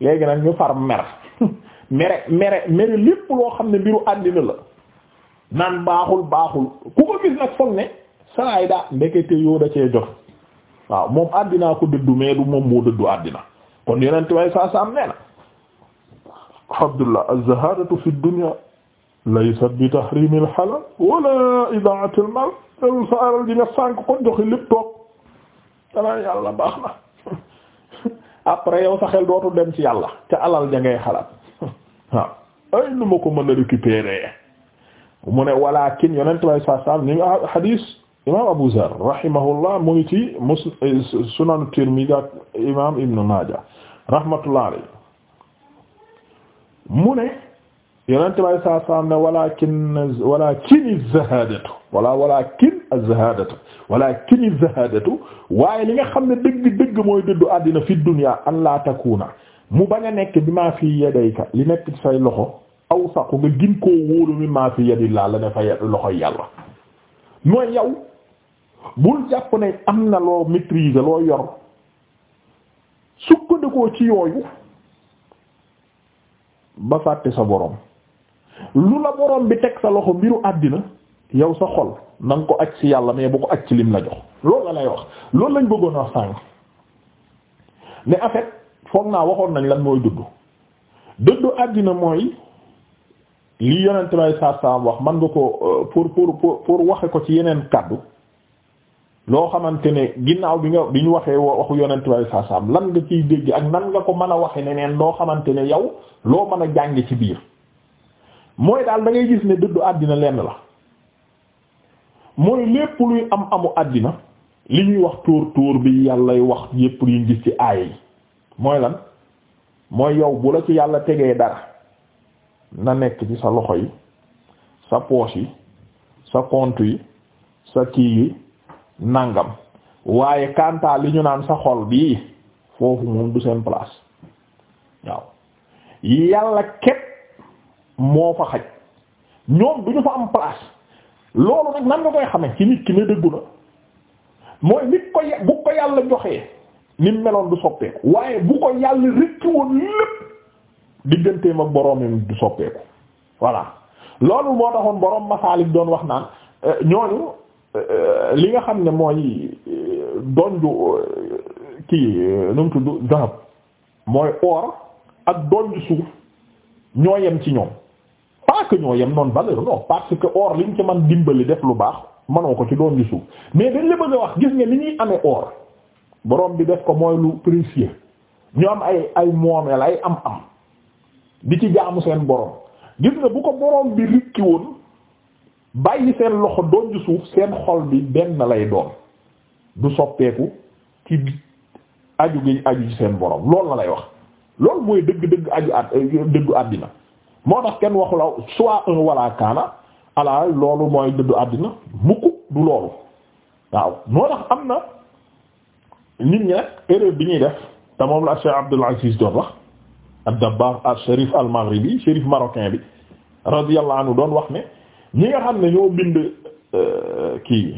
léegi nag ñu far mer mere mere mere lépp loo xam ne mbiru àddina la naan baaxul baaxul ku ko gis nag foog ne saa daa ndekete yoo da cee jot waaw moom àddinaa ko dëddu mais du moom moo dëddu àddina kon yonent way saa saam nee na Abdullah az fi dunya laysat bi tahrimil halal wala idaatil mal al saaral ji nga sànk ko joxe lépp toog danaa yàlla baax na après yow sa xel dem ci yàlla ca alal ja ngay xalaat waaw ay nu ma mën a récupérer mu ne walakin yonent way sa sam ni nga hadis imam Abu Zar rahimahullah mu ngi ci mus sunan Tirmidhi ak imam Ibn Maaja rahmatullah alayhi mu yonente bay saa saam ne walakin walakin az-zahadatu wala walakin az-zahadatu walakin az waaye li nga xam ne dëgg dëgg mooy dëddu àddina fi dunya an la takuna mu bañ a nekk bi maa fi yadayka li nekk ci loxo aw saqu nga gin koo wóolu mi maa fi yadillah la ne fa loxoy yàlla mooy yow bul jàpp ne am na loo maîtriser loo yor sukkandikoo ci yooyu ba fàtte sa borom lu la borom bi teg sa loxo mbiru àddina yow sa xol na ko ak ci yàlla mais bu ko ak ci lim la jox lool la lay wax loolu lañ bëggoon wax sànk mais en fait foog naa waxoon nañ lan mooy dudd dëddu àddina mooy li yonent may saar saam wax man nga ko euh, pour pour pour waxe ko ci yeneen kàddu loo xamante ne ginnaaw bi nga bi ñu waxee waxu yonent may saar saam lan nga ciy dégg ak nan nga ko man a waxe neneen loo xamante ne yow loo mën a jànge ci biir mooy daal da ngay gis ne dëddu àddina lenn la mooy lépp luy am amu àddina li ñuy wax tuur tuur bi yàllay wax yépp luñ gis ci aaya yi mooy lan mooy yow bu la ci yàlla tegee dara na nekk ci sa loxo yi sa poche yi sa compte yi sa kii yi nangam waaye kantaa li ñu naan sa xol bii foofu moom du seen place waaw yàlla képp moo fa xaj ñoom du ñu fa am place loolu nag nan nga koy xamee ci nit ki ne dëggu na mooy nit ko bu ko yàlla joxee ni meloon du soppeeku waaye bu ko yàlla rëcc woon lépp digganteem ak boroomam du soppeeku voilà loolu moo taxoon boroom masaalik doon wax naan euh, ñooñu euh, li nga xam ne mooy euh, donju kii nu mu tudd dahab mooy or ak donju suuf ñoo yem ci ñoom que ñoo yem noonu valeur non parce que or ñu ci man dimbali def lu baax manoo ko ci doon di suuf mais dañ la bëgg a wax gis nga ni ñuy amee or borom bi def ko mooy lu précieux ñu am ay ay moomeel ay am-am di ci jaamu seen borom gis nga bu ko borom bi rikki woon bàyyi seen loxo doon di suuf seen xol bi benn lay doon du soppeeku ci aju gi aju seen borom loolu la lay wax loolu mooy dëgg dëgg aju at dëggu àddina moo tax kenn waxu la soit un wala kaana ala loolu mooy dëddu àddina mukk du loolu waaw moo tax am na nit ñi nag erreur bi ñuy def te moom la Cheikh Abdul Aziz doon wax ad-Dabbagh al-Sharif al-Maghribi Sharif marocain bi radiyallahu anhu doon wax ne ñi nga xam ne ñoo bind euh, kii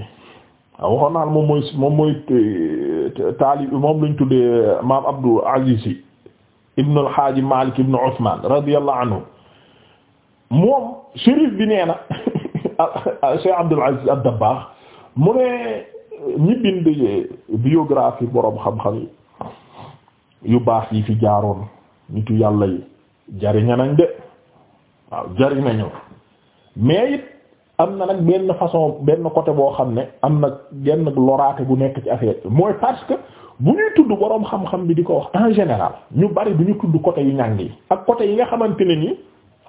waxoon naa moom mooy moom mooy euh, taalib moom lañ tuddee maam Abdul Aziz yi ibn al-Haaji Malik ibn Usman radiyallahu anhu moom shérif bi nee na ah, ah, Cheikh Abdul Aziz ad-Dabbagh mu ne euh, ñi euh, biographie boroom xam-xam yu baax yi fi jaaroon nitu yàlla yi jariña nañ de waaw jariñañu mais it am na nag benn façon benn côté boo xam ne am nag genn loraate bu nekk ci affaire mooy parce que bu ñuy tudd boroom xam-xam bi di ko wax en général ñu bari bu ñu tudd côté yu ñàng yi ak côté yi nga xamante nii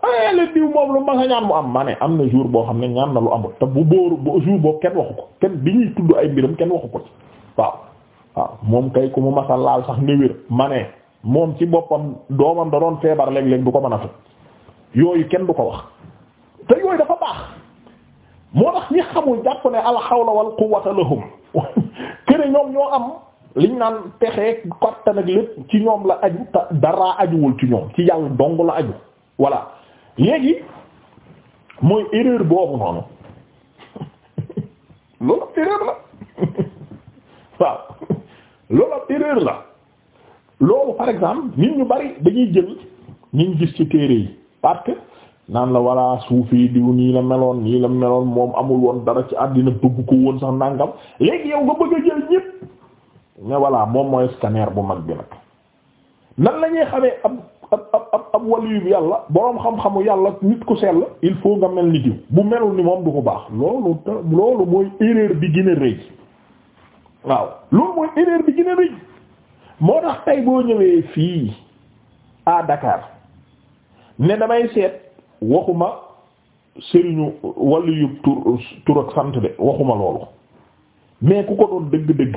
ale eh, diw moom lu ma nga ñaan mu am maa am na jour boo xam ne ñaan na lu amul te bu bóoru jour boobu kenn waxu ko kenn bi ñuy tudd ay mbiram kenn waxu ko ci waaw moom kay ku mu masa laal sax nga wér ma ne moom ci boppam doomam da doon feebar léeg-léeg du ko mën a fekk yooyu kenn du ko wax te yooyu dafa baax moo tax ñi xamul jàpp ne alxawla wal quwwata lahum kër ñoom ñoo am liñ naan pexe kattan ak lépp ci ñoom la aju te daraa ajuwul ci ñoom ci yàlla léegi mooy erreur boobu noonu loolu erreur la waaw loolu erreur la loolu par exemple nit ñu bari dañuy jël ñu gis ci téere yi parce que naan la walla suufi diw nii la meloon nii la meloon moom amul woon dara ci àddina bëgg ko woon sax nàngam léegi yow nga bëgg a jël ñépp mais voilà moom mooy scanner bu mag bi nag nan la ñuy ab ab ab ab waliyu yàlla boroom xam-xamu yàlla nit ku sell il faut nga mel ni diw bu melul ni moom du ko baax loolu loolu mooy erreur bi gën a rëy waaw loolu mooy erreur bi gën a rëy moo tax tey boo ñëwee fii à Dakar ne damay seet waxuma sëriñu waliyu tur tur ak sant de waxuma loolu mais ku ko doon dëgg-dëgg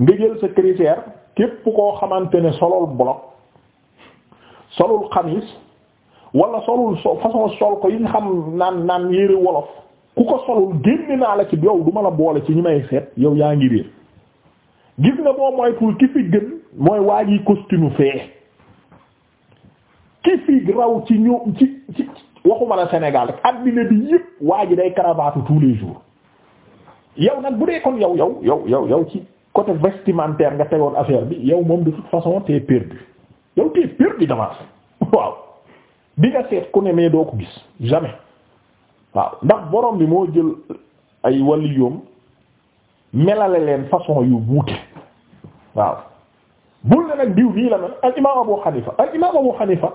nga jël sa critère képp koo xamante ne solol bloc solul xamis wala solul so façon sol ko yi nga xam naan naan yére wolof ku ko solul génne naa la ci yow du ma la boole ci ñu may seet yow yaa ngi réer gis nga boo moytuwul ki fi gën mooy waa ji costume fee ki fi raw ci ñoo ci ci waxuma la Sénégal rek addina bi yëpp waa day cravate tous les jours yow nag bu dee kon yow yow yow yow yow ci côté vestimentaire nga tegoon affaire bi yow moom de façon t'es perdu yow tey perdu d'avance waaw bi seet ku ne mais doo ko gis jamais waaw ndax borom bi moo jël ay waliyoom melale leen façon yu wuute waaw bul ne nag diw nii la mel al imaam Abu Hanifa al imaam Abu Hanifa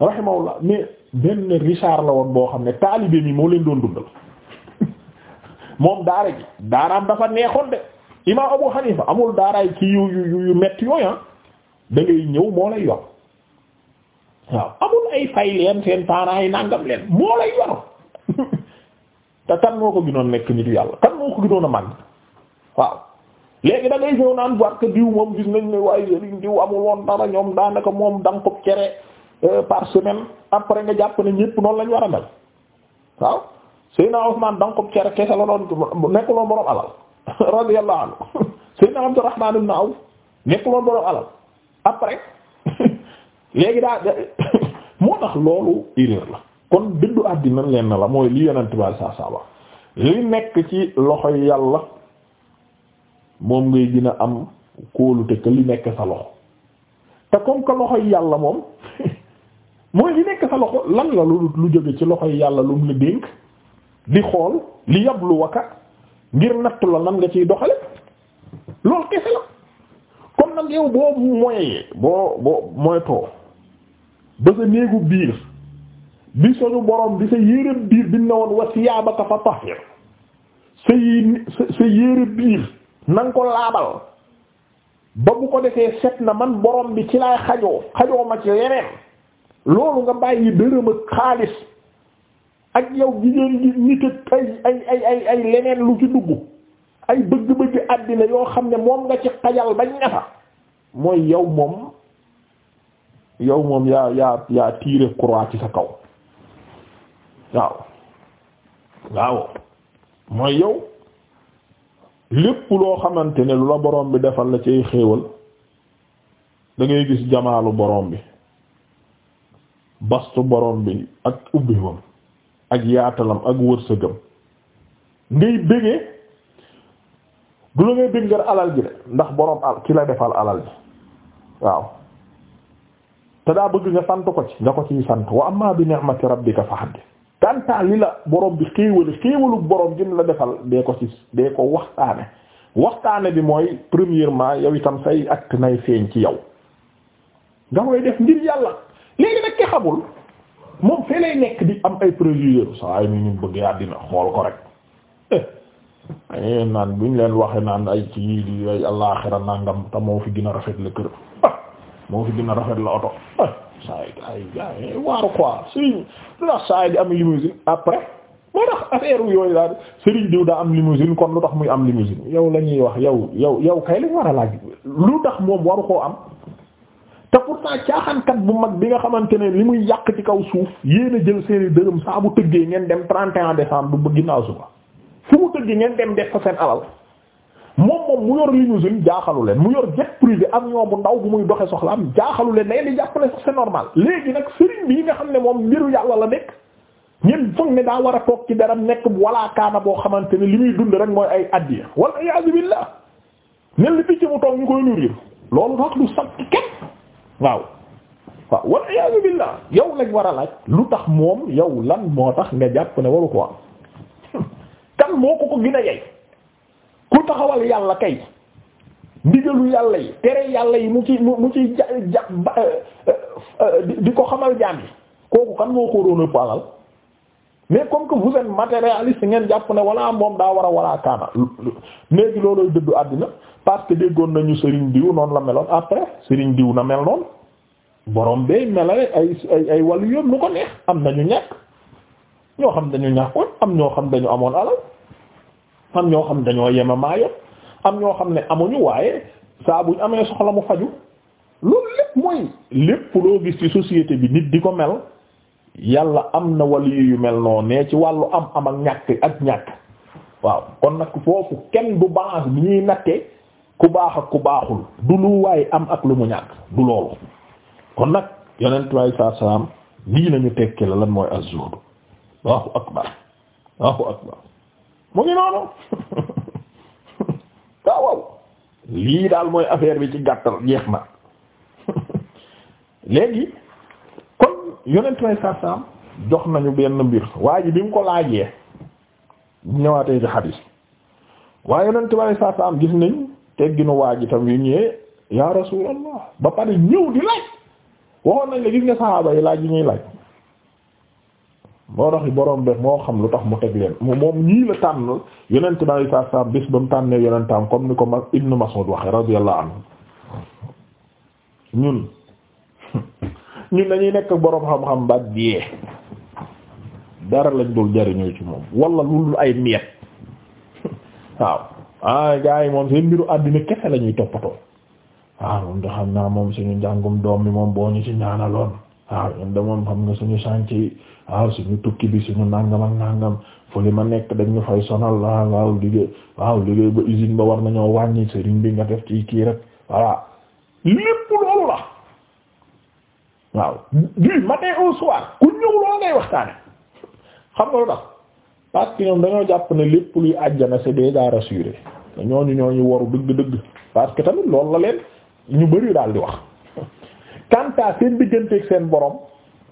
rahimahullah mais benn Richard la woon boo xam ne taalibe mi moo leen doon dundal moom daara ji daaraam dafa neexoon de imaam Abu Hanifa amul daaraay kii yu yu yu metti yooyu ah. da ñëw moo lay yor waaw amul ay fay leen seen parents yi nangam leen moo lay yor te kan moo ko gënoon nekk nitu yàlla kan moo ko gënoon a màgg waaw léegi da ngay ñëw naan barke diw moom gis nañ ne waaye sëriñ diw amul woon dara ñoom daanaka moom da ko cere euh, par semaine après nga jàpp ne ñépp noonu lañ war a mel waaw Seydina Ousmane da nga ko cere kese la doon nekkuloon borom alal radiyallahu anhu Seydina Abdurrahman ibn Awf nekkuloon borom alal après léegi daa moo tax loolu erreur la kon dëddu àddina leen na la mooy li yonent ba saa saa wax li nekk ci loxoy yàlla moom ngay dina a am kóolute que li nekk sa loxo te comme que loxoy yàlla moom mooy li nekk sa loxo lan la lu lu jóge ci loxoy yàlla lu mu la dénk di xool li yabluwaka ngir nattu la nan nga ciy doxale loolu kese la comme nag yow boo moyee boo boo moytoo ba sa néegu biir bi suñu boroom bi sa yére biir bi na woon wa siyaabaka fa tahir sa yére biir na ko laabal ba bu ko defee set na man borom bi ci laay xajoo xajoo ma ci yeneen loolu nga bàyyi dërëm ak xaalis ak yow jigéen gi nit ak ay ay ay ay leneen lu ci dugg ay bëgg-bëgg àddina yoo xam ne moom nga ci xajal bañ ne mooy yow moom yow moom yaa yaa yaa tiire croix ci sa kaw waaw mooy yow lépp loo xamante ne lu la borom bi defal la ci ay xéewal da ngay gis jamaalu boroom bi bastu boroom bi ak ubbiwam ak yaatalam ak wërsëgam ngay bëggee du la ngay dégg alal ji de ndax borom al ki la defal alal ji waaw te daa bëgg nga sant ko ci nga ko ciy sant wa amma bi ni'mati rabbika fa di kantaa li la borom bi xéewali xéewalu borom jim la defal dee ko ci dee ko waxtaane waxtaane bi mooy premièrement yow itam say acte nay feeñ ci yow nga koy def ngir yàlla léegi nag ki moom fee lay nekk di am ay préjugés saa yi nu ñu bëgg àddina xool ko rek eh. dañuy eh, naan buñ leen waxe naan ay ci yii di ay àllaaxira te moo fi gën rafet la kër ah, moo fi gën rafet la oto ah, saa yi gars yi waaru quoi Serigne lu tax saa di am limousine après moo tax affaire yooyu daal Serigne diw daa am limousine kon lu tax muy am limousine yow la ñuy wax yaw yow yow kay lañ war a lu tax moom waru koo am te pourtant caaxaankat bu mag bi nga xamante ne li muy yàq ci kaw suuf yéen a jël seeni dërëm saa bu tëggee ngeen dem 31 décembre bu ginnaaw suba. fu mu tëgg ngeen dem def fa seen alal moom moom mu yor limousine jaaxalu leen mu yor jet privé avion bu ndaw bu muy doxe soxla am jaaxalu leen na di jàppale sax c'est normal léegi nag sëriñ bi nga xam ne moom mbiru yàlla la nekk ñen foog ne daa war a toog ci dara nekk walla kaana boo xamante ne li muy dund rek mooy ay addiya walla iyaazu billaah ne li picc mu toog ñu koy nourrir loolu tax du sant kenn waaw waaw walla iyaazu billaah yow lañ war a laaj lu tax moom yow lan moo tax nga jàpp ne waru ko am kan moo ko ko gën yey ku taxawal yàlla kay ndigalu yàlla yi tere yàlla yi mu ci mu ci euh, euh, di ko xamal jaam kooku kan moo ko waroon alal mais comme que vous êtes ngeen jàpp ne wala moom daa war a walaa kaana léegi loolooy dëddu àddina parce que déggoon nañu Serigne Diw noonu la meloon après Serigne Diw na mel noonu borom bee melale ay ay ay yoon nu ko neex am na ñu ñàkk ñoo xam dañu ñàkkoon am ñoo xam dañu amoon alal am ñoo xam ne dañoo yema maayo am ñoo xam ne amuñu waaye saabu buñ amee soxla mu faju loolu lépp mooy lépp loo gis ci société bi nit di ko mel yàlla am na wali yu mel noonu ne ci wàllu am am ak ñàkk ak ñàkk waaw kon nag foofu kenn bu balance bi ñuy nattee ku baax ak ku baaxul du lu waaye am ak lu mu ñàkk du loolu kon nag yonent bi alei salaam lii lañu tekki la lan mooy azzuhdu Allahu akbar Allahu akbar mu ngi noonu waaw lii daal mooy affaire bi ci gàttal jeex na léegi kon yonent may jox nañu benn mbir waa ji bi mu ko laajee ñëwaatee ci xadis waaye yonent may sarsam gis nañ tegginu waa ji tam yu ñëwee yaa rasulallah ba pare ñëw di laaj waxoon nañ la gis nga saxaaba yi laaj yi ñuy laaj moo tax boroom beeg moo xam lu tax mu teg leen moom ñii la tànn yonent bi alayhi salaatu salaam bés ba mu tànnee yonentam comme ni ko ma Ibnu Mas'ud waxee radiyallahu anhu ñun ñun dañuy nekk borom xam-xam ba dee dara lañ dul jariñoo ci moom wala lu ay miet waaw ah gars yi moom seen mbiru àddina kese la toppatoo waaw moom da xam naa moom suñu njàngum doom mi moom boo ñu ci ñaanaloon waaw ñun moom xam nga suñu chantier. waaw suñu tukki bi suñu nàngam ak nangam fële ma nekk dañ ñu fay sonal waaw liggéey waaw liggéey ba usine ba war nañoo wàññi sëriñ bi nga def ci kii rek voilà lépp loolu la waaw du matin au soir ku ñëw loo ngay waxtaane xam nga lu tax parce ñoom dañoo jàpp ne lépp luy àjjana c'est déjà rassuré ñooñu ñooñu waru dëgg-dëgg parce que tamit lool la leen ñu bari daal di wax quant à seen digganteeg seen boroom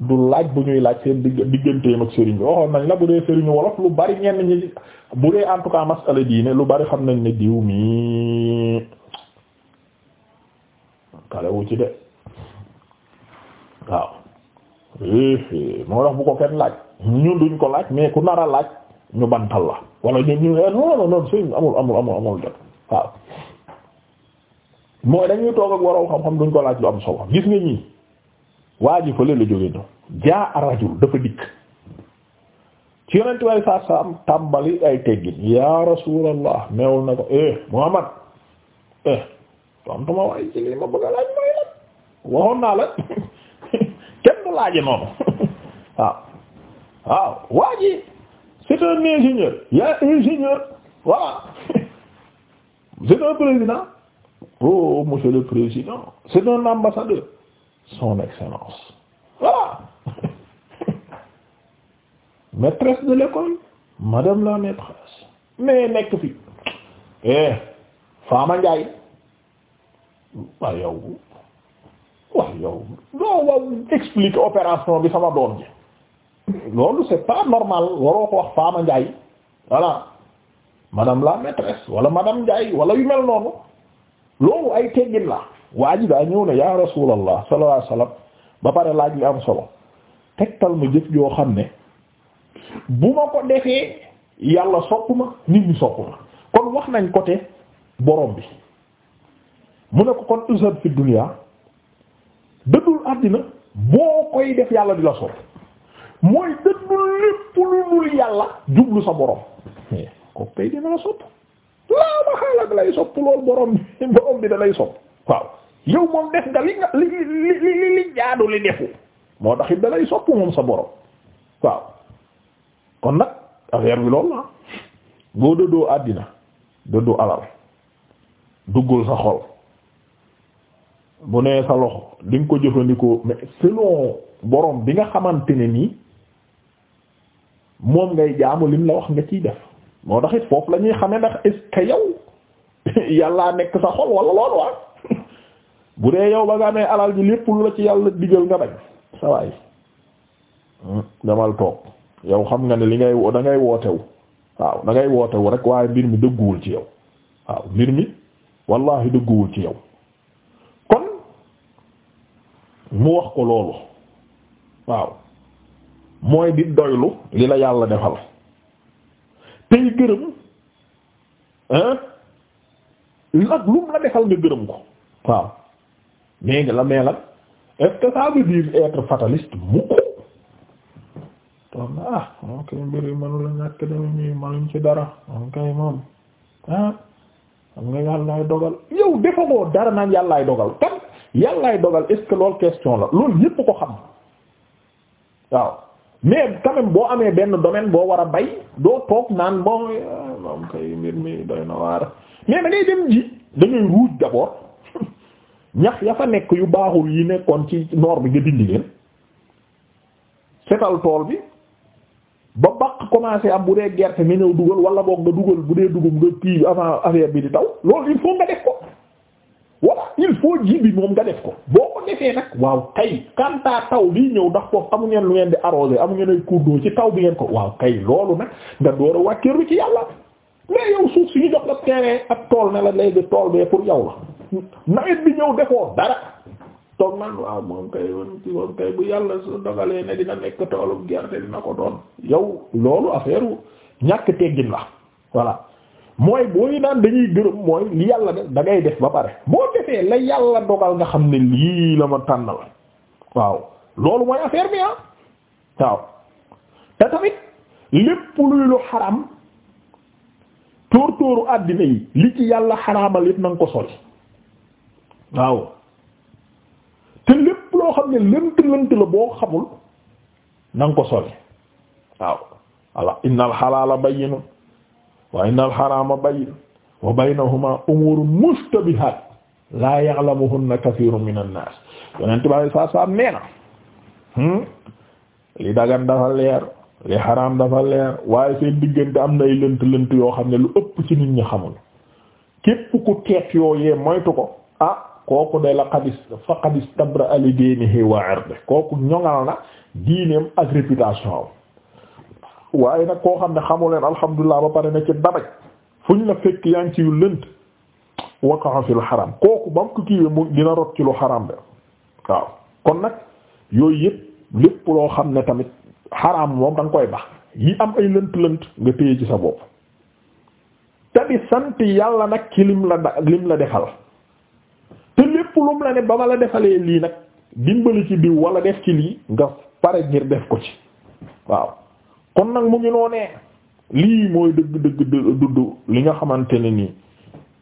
du laaj bu ñuy laaj seen digganteem ak sëriñ bi waxoon nañ la bu dee sëriñu wolof lu bari ñenn ñi bu dee en tout cas masala diine lu bari xam nañ ne diw mi kalewu ci de waaw eh, eh, moo tax bu ko kenn laaj ñun duñ ko laaj mais ku nar a laaj ñu bantal la wala ñu ñu eh, non non sëriñ amul amul amul amul jot waaw mooy dañuy toog ak waroo xam-xam duñ ko laaj lu am solo gis nga ñii waa ji fële la jóge ñëw jaa dafa dikk ci yonent way saa saa tàmbali ay teggin yaa rasuulallah neewul na ko eh Muhammad eh tontu ma waaye ci lii ma bëgg laaj mooy lan waxoon naa la kenn du laaje noonu waaw waaw waa ji c'est un ingénieur yaa ingénieur voilà c'est un président oh monsieur le président c'est un ambassadeur son excellence voilà maîtresse de l'école madame la maîtresse mais nekk fi eh Fama Ndiaye waaw yow waaw yow non waaw explique opération bi sama doom ji loolu c'est pas normal waroo ko wax Fama Ndiaye voilà madame la maîtresse wala madame Ndiaye wala yu mel noonu loolu ay teggin la waa ji daa ñëw ne ya rasulallah sallallahu alayhi wasallam ba pare laaj li am solo tegtal ma jëf joo xam ne bu ma ko defee yàlla sopp ma nit ñi sopp ma kon wax nañ côté borom bi mu ne ko kon usad fi dunya dëddul àddina boo koy def yàlla di la sopp mooy dëddul lépp lu dul yàlla jublu sa borom eh, ko dina la sopp laa ma xaalak lay sopp lool borom bi borom bi da lay sopp waaw yow moom def nga li nga li li li li jaadu li defu moo tax it sopp moom sa borom waaw kon nag affaire bi loolu la boo dëddoo àddina dëddoo alal duggul sa xol bu nee sa loxo di ko jëfandikoo mais selon borom bi nga xamante ne nii moom ngay jaamu lim la wax nga ciy def moo tax it foofu la ñuy xamee ndax est-ce que nekk sa xol wala loolu waa ah? bu dee yow ba nga amee alal ji lépp lu la ci yàlla digal nga bañ sa waay hmm. demal toog yow xam nga ne li ngay da ngay wootewu waaw da ngay wootewu rek waaye mbir mi dëgguwul ci yow waaw mbir mi wallahi dëgguwul ci yow kon mu wax ko loolu waaw mooy di doylu li la yàlla defal tey gërëm hein nag lum la defal nga gërëm ko waaw mais la mais la est-ce que ça veut dire être fataliste toog na ah moom kay mbiri manu ñàkk deme mi manuñ ci dara moom kay moom ah xam nga yàllaay dogal yow defagoo dara naan yàllaay dogal tam yàllaay dogal est loolu question la loolu yépp ko xam waaw mais quand boo amee benn domaine boo war a bay doo toog naan bon moom kay mbir mi doy na waar mais da ngay dem ji da ruuj d'abord ñax ya fa nekk yu baaxul yi nekkoon ci noor bi nga dindi leen setal tool ba commencé am bu dee gerte nga ñëw dugal wala boo nga dugal bu dee dugub nga kii avant affaire bi di taw loolu il faut nga def ko voilà il faut ji moom nga def ko boo ko defee nag waaw kay kantaa taw bi ñëw ndax foofu amu ngeen lu ngeen di arrosé amu ngeen ay kuddoo ci taw bi ngeen ko waaw kay loolu nag nga door a wàkkeeru ci yàlla mais yow suuf si ñu jox la terrain ak tool na la léegi tool bee pour yow la nawet bi ñëw defoo dara toog naan waaw moom kay woon bu yàlla su dogalee ne dina nekk toolu gerte dina ko doon yow loolu affaire ñàkk teggin la voilà mooy booy naan dañuy gërëm mooy yàlla def dangay def ba pare boo defee la yàlla dogal nga xam ne lii la ma tànn la waaw loolu mooy affaire bi ah waaw te tamit lépp luy lu xaram tóor tóoru àddina yi li ci yàlla xaraamal yëpp na ko sori waaw te lépp loo xam ne lënt lënt la boo xamul na ko sori waaw walla inna alxalaala bayinu wa inna alxaraama bayin wa baynahuma umuurun mustabihaat laa ya'lamuhunna kasiirun min annaas yonent bi saa saa nee na hmm? li dagan dafa leer li xaraam dafa leer waaye seen diggante am nay lënt lënt yoo xam ne lu ëpp ci nit ñi xamul képp ku teet yooyee moytu ko ah kooku de laqad faqad istabra'a li diinihi wa 'irdihi kooku ñoŋal na diineem ak réputation waaye nag koo xam ne xamu leen alhamdulilah ba pare ne ci dabaj fu ñu la fekk yaa ngi yu lënt waqa'a fil xaram kooku ba mu ko kiiwee mu dina rot ci lu xaram de waaw kon nag yooyu yëpp lépp loo xam ne tamit xaram moom da koy bax yi am ay lënt-lënt nga téye ci sa bopp te di yàlla nag ci lim la da lim la defal. lépp lum la ne ba ma la defalee lii nag dimbali ci biir wala def ci lii nga pare ngir def ko ci waaw kon nag mu ngi noonee lii mooy dëgg dëgg dudd li nga xamante ne nii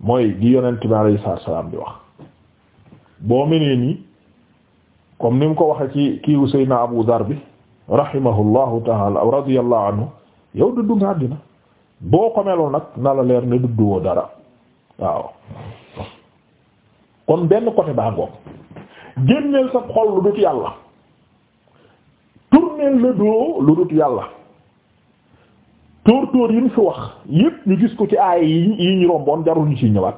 mooy di yonent bi alayhi salaam di wax boo menee nii comme ni mu ko waxee ci kiiwu Seydina Abu Dhar bi rahimahullahu taala radiyallahu anhu yow dudd nga àddina boo ko meloon nag na la leer ne dudd woo dara waaw kon benn côté baa ngoog génneel sa xol lu dut yàlla tourneel le dos lu dut yàlla tóor-tóor yi ñu fi wax yépp ñu gis ko ci aay yi ñu romboon jarul ci ñëwaat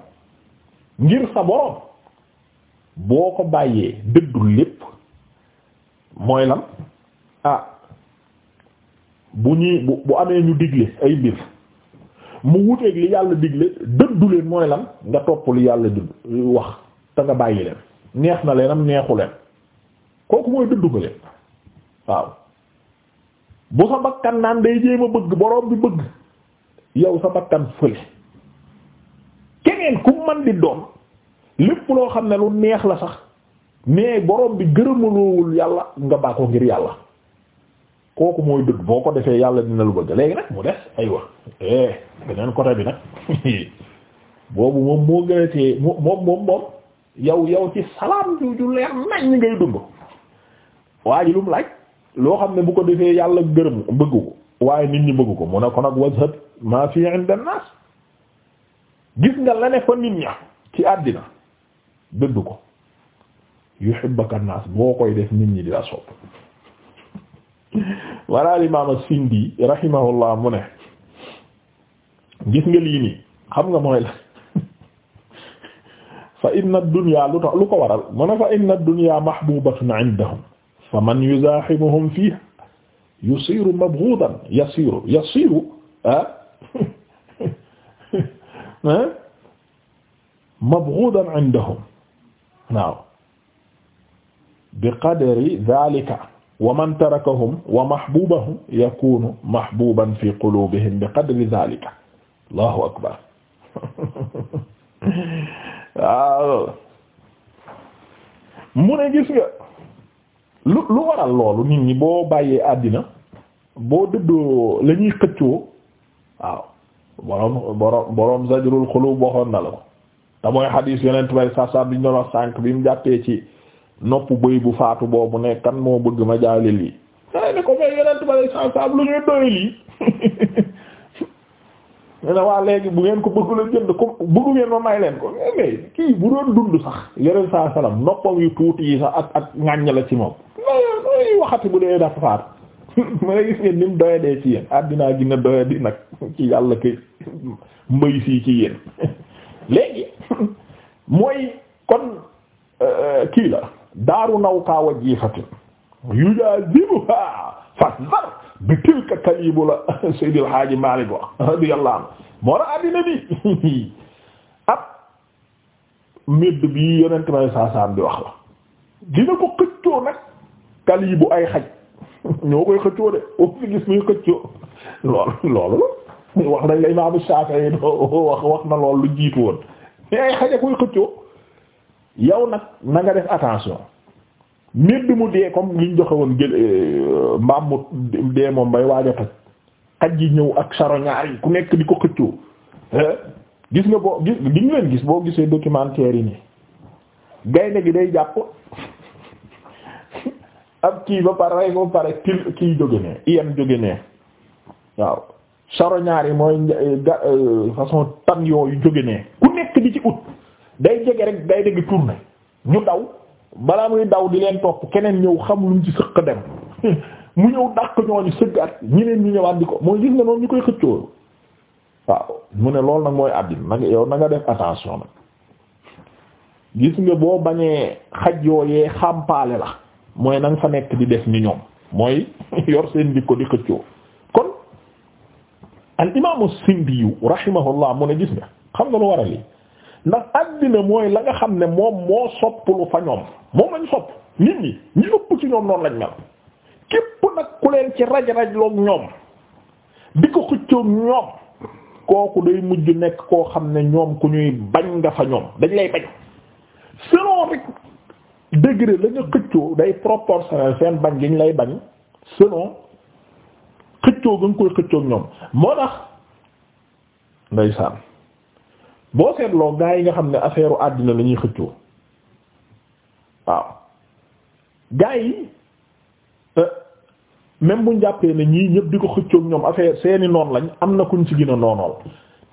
ngir sa borom boo ko bàyyee dëddul lépp mooy lan ah bu ñuy bu bu amee ñu digle ay mbir mu wuteeg li yàlla digle dëddu mooy lan nga topp li yàlla dëdd wax te nga bàyyi leen neex na leen am neexu leen kooku mooy dëddu nga leen waaw bu sa bakkan naan day jéem a bëgg boroom bi bëgg yow sa bakkan fële keneen ku man di doon lépp loo xam ne lu neex la sax mais boroom bi gërëmaloowul yàlla nga baa ko ngir yàlla kooku mooy dëgg boo ko defee yàlla dina lu bëgg léegi nag mu des aywa eh, beneen côté bi nag boobu moom moo gën a téye moom moom moom yow yow ci salaam ju leer nañ ngay dund waa ji lu laaj loo xam ne bu ko defee yàlla gërëm bëgg ko waaye nit ñi bëgg ko mu ne ko nag wazhat ma fi 'inda an-nas gis ne fa nit ña ci àddina dëdd ko yuhibbuka an-nas boo koy def nit ñi di la sopp wala al-imam as-Sindi rahimahullah mu ne gis nga lii nii xam nga mooy la fa inna dunya lu tax lu ko waral mu ne fa inna dunya mahbubatun indahum fa man yuzahimuhum fiha yusiru mabghudan yasiru yasiru ah mabghudan indahum waaw biqadri dhalika wa man tarakahum wa mahbubahum yakunu mahbuban fi qulubihim biqadri dhalika allahu akbar waaw mu ne gis nga lu lu waral loolu nit ñi boo bàyyee àddina boo dëddoo la ñuy xëccoo waaw boroom boroom boroom zajrul xulub waxoon na la ko te mooy xadiis yonent bay sasam bi ñu doon wax sànq bi mu jàppee ci nopp bëy bu faatu boobu ne kan moo bëgg ma jaale lii. waaye ne ko mais yonent bay sasam lu ñuy doyul yi ñu waa léegi bu ngeen ko bëgg la jënd ko bëggu ngeen ma leen ko mais kii bu doon dund sax yeneen saa salaam noppam yu tuuti yi sax ak ak ŋàññ la ci moom loolu waxati bu dee dafa faat mu ne gis ngeen ni doyadee ci yéen àddinaa gi ne doyadi nag ci yàlla kay mbëy sii ci yéen léegi mooy kon euh, kii la daaru naw kaawa jiifatin yu daa zibu fas far bi tilka kalibu la Seydil Haaji Maalik wax radiyallahu anhu moo bi ab médd bi yonent may saasaam bi wax la dina ko xëccoo nag kalibu ay xaj ñoo koy xëccoo de o fi gis muy xëccoo loolu loolu la wax nañ la Imaamu Shaafi'i doo wax wax na loolu lu jiitu woon mais ay xaj a koy xëccoo yow nag na nga def attention medd mu dee comme liñ joxe woon gël euh, mbaam mu dee moom bay waaja toj xaj yi ñëw ak charognard yi ku nekk di ko xëccoo gis nga boo gis gi nga leen gis boo gisee documentaire yi nii gaynde gi day jàpp ab kii ba pare rey ba pare til kii jóge nee iyam jóge ne waaw charognard yi mooy eh, euh, façon tan yooyu jóge ne ku nekk di ci ut day jege rek gaynde gi tourné ñu daw balaa muy daw di leen topp keneen ñëw xam lu mu ci sëq dem mu ñëw dàq ñooñu sëggaat ñeneen ñu ñëwaat di ko mooy gis nga noonu ñu koy xëccoo waaw mu ne loolu nag mooy àddina nag yow na nga def gis nga boo bañee xaj yooyee xàmpaale la mooy na fa nekk di def ni ñoom mooy yor ko di xëccoo kon al xam nga lu mooy la nga xam ne moom moo sopplu fa ñoom moom lañ sopp nit ñi ñi ëpp ci ñoom noonu lañ mel képp nag ku leen ci raj-raj loog ñoom di ko xëccoog ñoom kooku day mujj nekk koo xam ne ñoom ku ñuy bañ nga fa ñoom dañ lay bañ selon rek degré xëccoo day bañ gi lay bañ selon xëccoo ga nga koy xëccoog ñoom moo tax ndeysaan boo seetloo gaa yi nga xam ne affaire u àddina la ñuy xëccoo gaa yi euh, même bu jàppee na ñi ñëpp di ko xëccoog ñoom affaire seeni noon lañ am na kuñ ci gën a noonool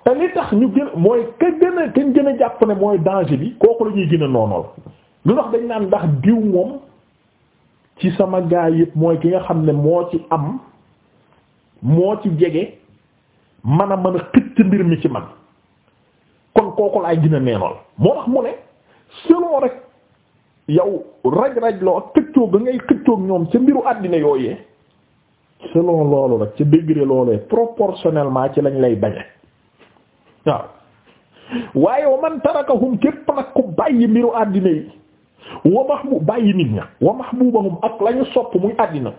te li tax ñu gën mooy ka gën a kañ jàpp ne mooy danger bi kooku la gina gën a noonool lu tax dañ naan ndax diw moom ci sama gaa yëpp mooy ki nga xam ne moo ci am moo ci jege man a mën a xëcc mbir mi ci man kon kooku laay gën a neenool moo tax mu ne selon rek yow raj-raj loo ak xëccoog ga ngay xëccoog ñoom ca mbiru àddina yooyee selon loolu rek ca degré loolee proportionnellement ci lañ lay bañe waaw waaye wa man tarakahum képp nag ku bàyyi mbiru àddina yi wa mahbub bàyyi nit ña wa mahbubahum ak lañu sopp muy àddina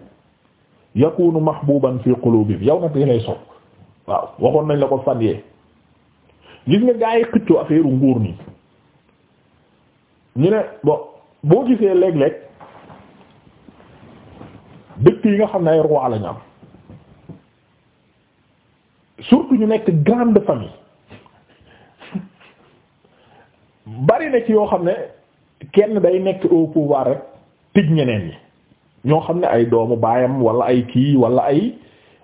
yakunu mahbuban fi qulubihim yow nag li lay sopp waaw waxoon nañ la ko fan yee gis nga gaa yi xëccoo affaire nguur nii ñu ne bon boo gisee léeg-léeg dëkk yi nga xam ne ay roi lañu am surtout ñu nekk grande famille bari na ci yoo xam ne kenn day nekk au pouvoir rek tëj ñeneen ñi ñoo xam ne ay doomu baayam walla ay kii wala ay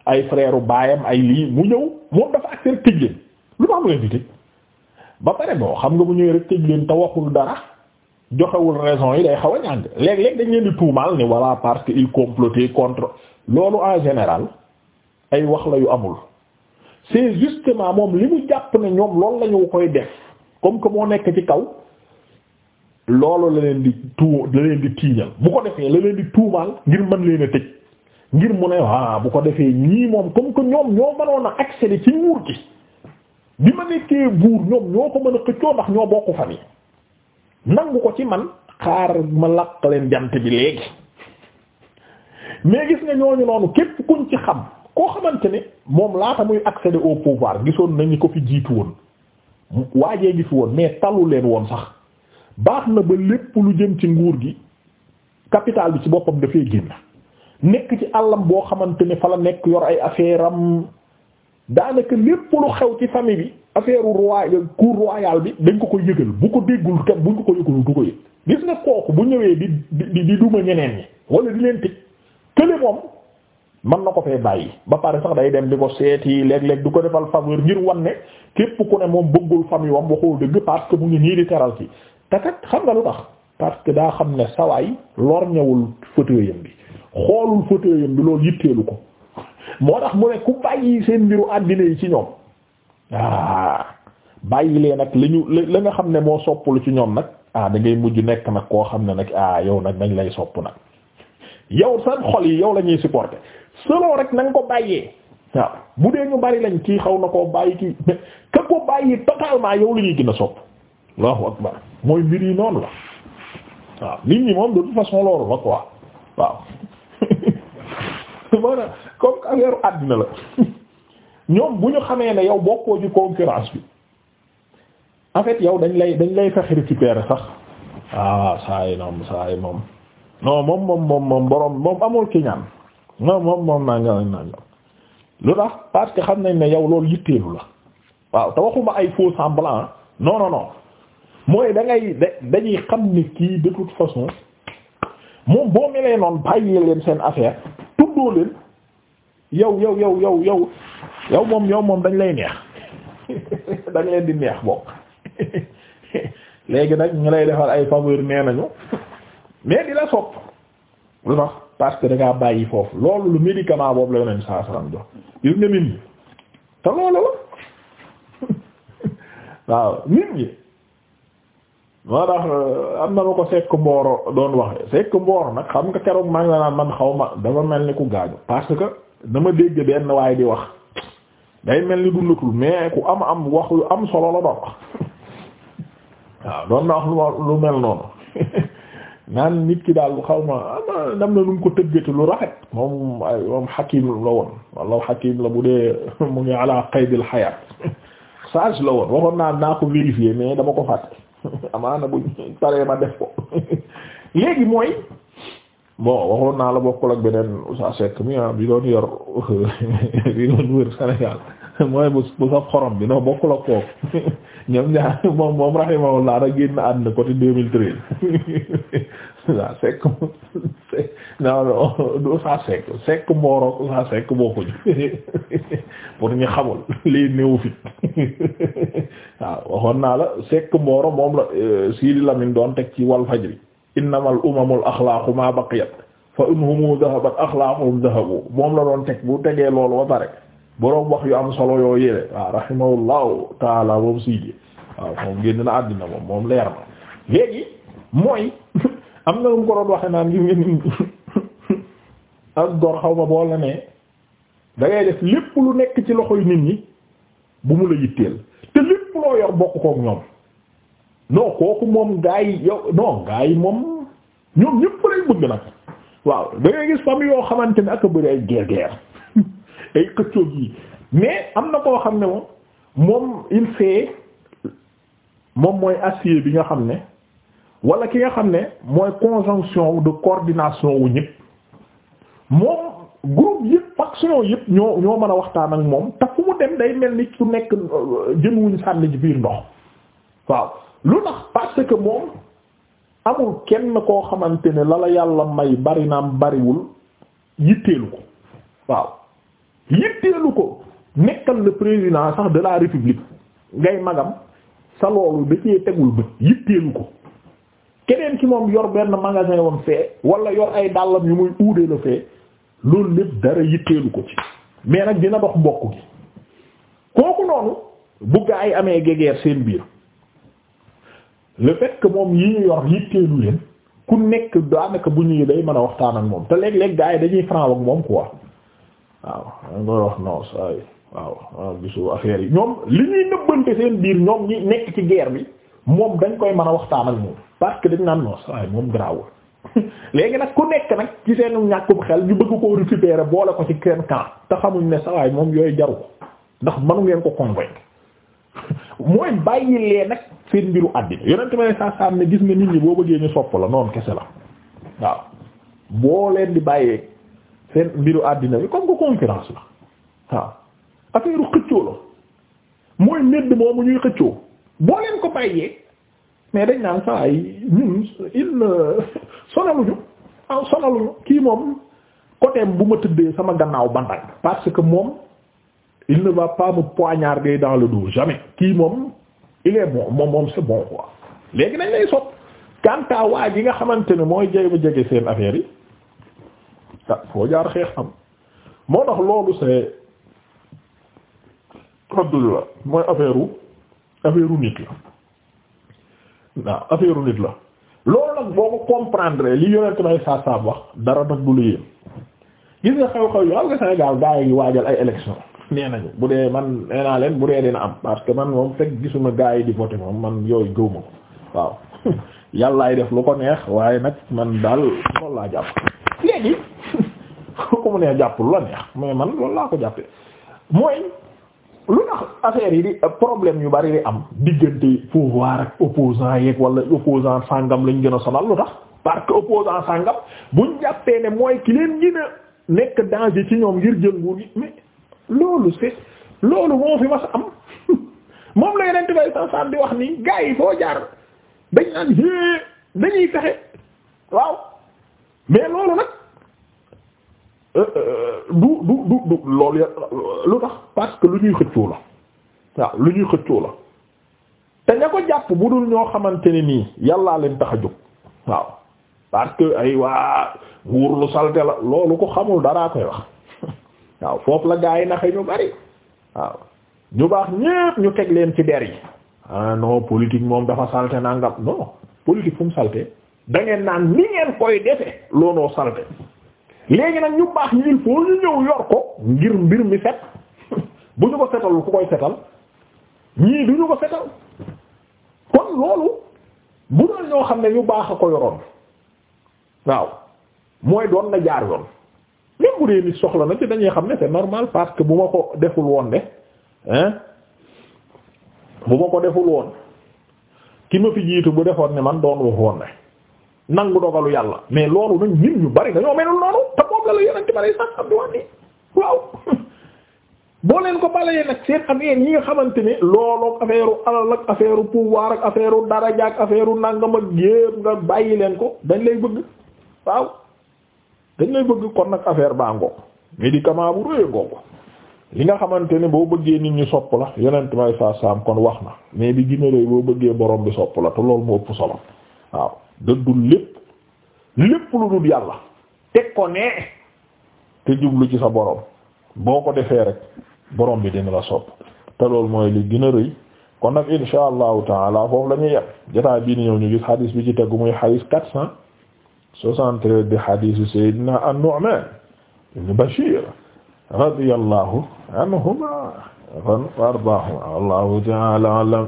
ay frère baayam ay lii mu ñëw moom dafa ak seen tëj leen lu ma am leen di tëj ba pare boo xam nga mu ñëwee rek tëj leen te waxul dara. joxewul raison yi day xaw a ñàng léeg-léeg dañ leen di tuumaal ni voilà parce que il complotait contre loolu en général ay wax la yu amul c'est justement moom li mu jàpp ne ñoom loolu la ñu koy def comme que moo nekk ci kaw loolu la leen di tuu la leen bu ko defee la di tuumaal ngir mën leen a tëj ngir mu ne waa ah, bu ko defee ñii moom comme que ñoom ñoo mënoon a accéder ci nguur gi bi ma nekkee buur ñoom ñoo ko mën a xëccoo ndax ñoo bokk famille nangu ko ci man xaar ma laq leen jant bi léegi mais gis nga ñooñu noonu képp kuñ ci xam koo xamante ne moom laata muy accéder au pouvoir gisoon nañu ko fi jiitu woon waajee gi woon mais talu leen woon sax baax na ba lépp lu jëm ci nguur gi capital bi ci boppam dafay génn nekk ci àllam boo xamante ni fa la nekk yor ay affaire am daanaka lépp lu xew ci famille bi affaire royal cour royal bi dañ ko ko yëgal bu ko déggul kat buñ ko ko yëgalul du ko yëg gis kooku bu ñëwee di di duma ñeneen ñi wala di leen tëj kële moom mën na ko fee bàyyi ba pare sax day dem di ko seeti léeg-léeg du ko defal faveur ngir wan ne képp ku ne moom bëggul famille wam waxoo dëgg parce que mu ngi nii di teral ci te xam nga lu tax parce que daa xam ne sawaay lor ñëwul fauteuil yam bi xoolul fauteuil bi loolu ko moo tax mu ne ku bàyyi seen mbiru àddina yi ci ñoom ah bàyyi leen nag la la nga xam ne moo soppalu ci ñoom nag ah da ngay mujj nekk nag koo xam ne nag ah yow nag dañ lay sopp nag yow seen xol yi yow la ñuy solo selon rek na ko bàyyee waaw bu dee ñu bari lañ kii xaw na koo bàyyi kii ka ko bàyyi totalement yow la ñuy gën a sopp allahu mooy mbir yi noonu la waaw nit ñi moom de toute façon loolu la quoi waaw. maanaam comme affaire àddina la ñoom bu ñu xamee ne yow bokkoo ci concurrence bi en fait yow dañ lay dañ lay fexe récupérer sax ah saa yi moom saa yi moom non moom amul ki ñaan non lu tax parce xam nañ ne yow loolu yitteelu la waaw te waxuma ay faux semblant non non non mooy da dañuy xam ni kii de toute façon moom boo melee noonu bàyyi leen seen affaire. tuddoo leen yow yow yow yow yow yow moom yow moom dañ lay neex dañ leen di neex bokk léegi nag ñu lay defar ay faveur nee nañu mais di la sopp lu tax parce que bàyyi foofu loolu lu médicament boobu la yoneen saa saram jox gis nga nit ñi te loolu la waaw nit ñi moo tax euh, am na ma ko sekk mbooro doon waxee sekk mbooro nag xam nga keroog maa ngi la man xaw ma dafa mel ni ku gaañu parce que dama dégg benn waaye di wax day mel ni dundatul mais ku am am wax lu am solo la doon wax waaw doon na wax lu mel noonu naan nit ki daal xaw ma am na nu ko tëggati lu rafet moom ay moom xakim la woon walla xakim la bu dee mu ngi ala qaydil xayaat sage la woon waxoon naa naa ko vérifier mais dama ko fàtte. amaana bu taree ma def léegi mooy bon waxoon naa la bokkul ak beneen sa sekk mi ah bi doon yor bi doon wër Sénégal mooy bu bu saf xorom bokkul ak kooku ñoom ñaar moom moom rahimahullah da génn àdduna côté 2013 saa sekk non non du saa sekk sekk mboorook saa pour ñu xamul lii néew fi waaw waxoon naa la sekk mbooro moom la eh, Sidi Lamine doon teg ci wal fajri innamal umamul axlaaqu ma baqiyat fa in humu dahabat axlaaquhum dahabu moom la doon teg bu tegee loolu ba pare boroom wax yu am solo yoo yële waaw ah, rahimahullahu taala moom Sidi waaw ah, moom génn na àddina moom moom leer na léegi mooy am na lu mu ko doon waxe naan gis ngeen ak gor xaw ma bool na ne da def lépp lu nekk ci loxo yu nit ñi bu mu la yitteel te lépp loo yor bokk ñoom non kooku moom gaa yi yow non moom ñoom ñëpp lañ bëgg nag waaw da ngay gis famille yoo xamante ni ak a bëri ay guerre guerre ay xëccoog yi mais am na koo xam ne moom moom il fait moom mooy acier bi nga xam ne wala ki nga xam ne mooy conjonction wu de coordination wu ñëpp moom groupe yëpp faction yëpp ñoo ñoo mën a waxtaan ak moom te fu mu dem day mel ni ku nekk euh, jën wuñ sànni ci biir ndox waaw lu tax parce que moom amul kenn koo xamante ne la la yàlla may bari naam bariwul yitteelu ko waaw yitteelu ko nekkal le président sax de la république ngay magam sa loolu da cee tegul bët yitteelu ko keneen ki moom yor benn magasin wam fee wala yor ay dàllam yu muy uudee la fee loolu lépp dara yitteelu ko ci mais nag dina dox mbokk gi kooku noonu bu gaa yi amee gegeer seen biir le fait moom yi ñu yor yitteelu leen ku nekk daanaka bu ñuy day mën a waxtaan ak moom te léeg-léeg gaa yi dañuy franc ak moom quoi waaw da nga wax non saa yi waaw gisu affaire yi ñoom li ñuy nëbbante seen biir ñoom ñi nekk ci guerre bi. moom dañ koy mën a waxtaan ak moom parce dañ naan non waaye moom garaawul léegi nag ku nekk nag ci ñàkk ñàkkum xel ñu bëgg koo récupérer boole ko ci kenn camp te xamuñ ne sa waay moom yooyu jaru ko ndax mënu ngeen ko convaincre mooy bàyyi lee nag seen mbiru àddina yonent ma ne saa saa ne gis nga nit ñi boo bëggee ñu sopp la noonu kese la waaw boo leen di bàyyee seen mbiru àddina bi comme que concurrence la waaw affaire xëccoo la mooy medd moomu ñuy boo leen ko bàyyee mais dañ naan saa yi ñun il sonaluñu sonaluñu kii moom côté bu ma tëddee sama gannaaw bandag parce que moom il ne va pas me poignarder dans le dos jamais kii moom il est moom moom c'est bon quoi léegi nañ lay sot kanta waa ji nga xamante ne mooy jege ba jege seen affaire yi ah foo jaar xeex am moo tax loolu c'est mooy affaire wu affaire u nit la waaw affaire la loolu nag boo ko comprendre li yonent may saasaam wax dara nag du lu yéen gis nga xew-xew yu nga gaa yi waajal ay élection nee nañu bu dee man nee naa leen bu dee dina am parce que man moom teg gisuma gaa yi di voter moom man yooyu gëw ma ko waaw yàllaay def lu ko neex waaye nag man daal loolu laa jàpp léegi ko mu nee jàpp lu la neex mais man loolu laa ko jàppee mooy lu tax affaire yi di euh, problème yu bari di am diggante pouvoir ak opposant yeeg wala opposant sàngam lañ gën a sonal lu tax parce que opposant sàngam buñ jàppee ne mooy ki leen gën a nekk danger ci ñoom ngir jël nguur gi mais loolu c'est loolu moom la yeneen bay san di wax nii gars yi foo jaar dañ naan dañuy fexe waaw mais loolu nag Euh, euh, du du du du loolu lu tax parce que lu ñuy xëccoo la waaw lu ñuy xëccoo la te ña ko jàpp bu dul ñoo xamante ne nii yàllaa leen tax a jóg waaw parce que ay waa wuur lu salte la loolu ko xamul daraa koy wax waaw foofu la gaa yi naxe ñu bari waaw ñu baax ñépp ñu teg leen ci der yi ah non moom dafa salte nangam non politique fu mu salte da naan ni ngeen koy defe looloo salte léegi nag ñu baax ñi il faut ñu ñëw yor ko ngir mbir mi set bu ñu ko setal ku koy setal ñii du ñu ko setal kon loolu bu doon ñoo xam ne ñu baax a ko yoroon waaw mooy doon na jaar yoon même bu dee nit soxla na ci dañuy xam ne c'est normal parce bu ma ko deful woon de hein bu ma ko deful woon ki ma fi jiitu bu defoon ne man doon wax woon ne nangu dogalu yàlla mais loolu nag ñun ñu bari dañoo melul noonu te moom la la yonente ba lay sax am waaw boo leen ko balayee nag seen affaire yi nga xamante ni looloog affaire alal ak affaire pouvoir ak affaire daraja ak affaire nangam ak yépp nga bàyyi leen ko dañ lay bëgg waaw dañ lay bëgg kon nag affaire baa ngoog médicament bu rëy li nga xamante ne boo bëggee nit ñi sopp la yonent may saa saam kon wax na mais bi gina rëy boo bëggee borom bi sopp dëddul lépp lépp lu dul yàlla teg ko ne te jublu ci sa borom boo ko defee rek borom bi dina la sopp te loolu mooy li gën a rëy kon nag insha allahu taala foofu la ñuy yem jotaay bii ni ñëw ñu gis hadis bi ci tegu muy hadis quatre cent soixante-treize di hadisu Seydina an-Nu'man ibn Bashir radiyallahu anhuma wa ardaahuma wallahu taala alam